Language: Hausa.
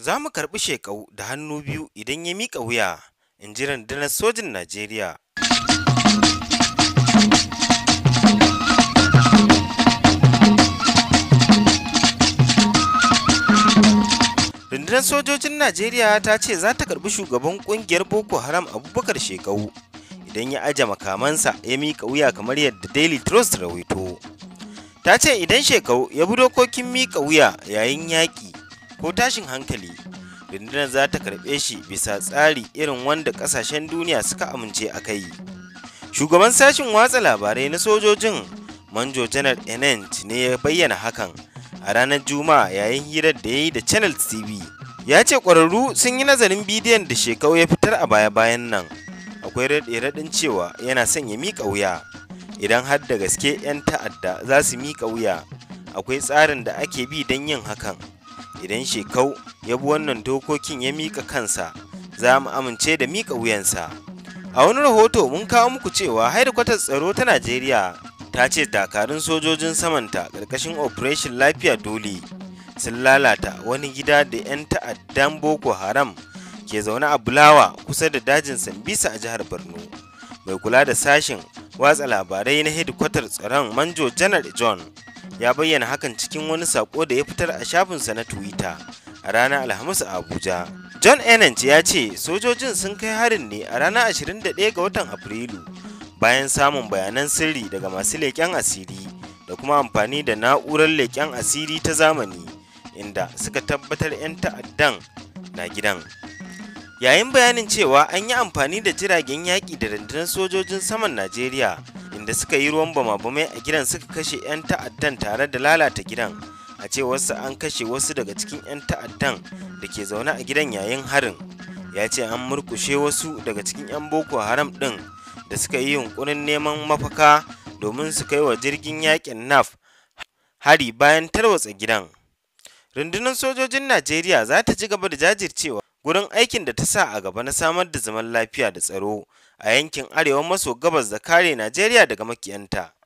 Za mu karɓi Shekau da hannu biyu idan ya miƙa wuya, in ji rundunar sojin Najeriya. Rundunar sojojin Najeriya ta ce za ta karɓi shugaban ƙungiyar Boko Haram Abubakar Shekau idan ya aje makamansa ya miƙa wuya kamar yadda Daily Trust rawaito. Ta ce idan Shekau ya bi dokokin miƙa wuya yayin yaƙi ko tashin hankali rundunar za ta karɓe shi bisa tsari irin wanda ƙasashen duniya suka amince a kai shugaban Sashen watsa labarai na sojojin manjo janar enent ne ya bayyana hakan a ranar juma'a yayin hirar da ya yi da channel tv ya ce ƙwararru sun yi nazarin bidiyon da shekau ya fitar a baya-bayan nan akwai raɗe-raɗin cewa yana son ya miƙa wuya idan har da gaske 'yan ta'adda za su miƙa wuya akwai tsarin da ake bi don yin hakan idan shekau ya bi wannan dokokin ya mika kansa za mu amince da mika wuyansa a wani rahoto mun kawo muku cewa haidakwatar tsaro ta najeriya ta ce dakarun sojojin samanta karkashin operation lafiya dole sun lalata wani gida da 'yan ta'addan boko haram ke zaune a bulawa kusa da dajin sambisa a jihar borno mai kula da sashen watsa labarai na hedikwatar tsaron manjo janar john ya bayyana hakan cikin wani sako da ya fitar a shafinsa na twitter a ranar alhamis a abuja john enant ya ce sojojin sun kai harin ne a ranar 21 ga watan afrilu bayan samun bayanan sirri daga masu leƙen asiri da kuma amfani da na'urar leƙen asiri ta zamani inda suka tabbatar 'yan ta'addan na gidan yayin bayanin cewa an yi amfani da jiragen yaƙi da rundunar sojojin saman najeriya da suka yi ruwan bama-bamai a gidan suka kashe 'yan ta'addan tare da lalata gidan a ce wasu an kashe wasu daga cikin 'yan ta'addan da ke zaune a gidan yayin harin ya ce an murkushe wasu daga cikin 'yan boko haram ɗin da suka yi yunkurin neman mafaka domin su kai wa jirgin yakin naf hari bayan tarwatsa gidan rundunar sojojin najeriya za ta ci gaba da jajircewa wurin aikin da ta sa a gaba na samar da zaman lafiya da tsaro a yankin arewa maso gabas da kare Najeriya daga makiyanta.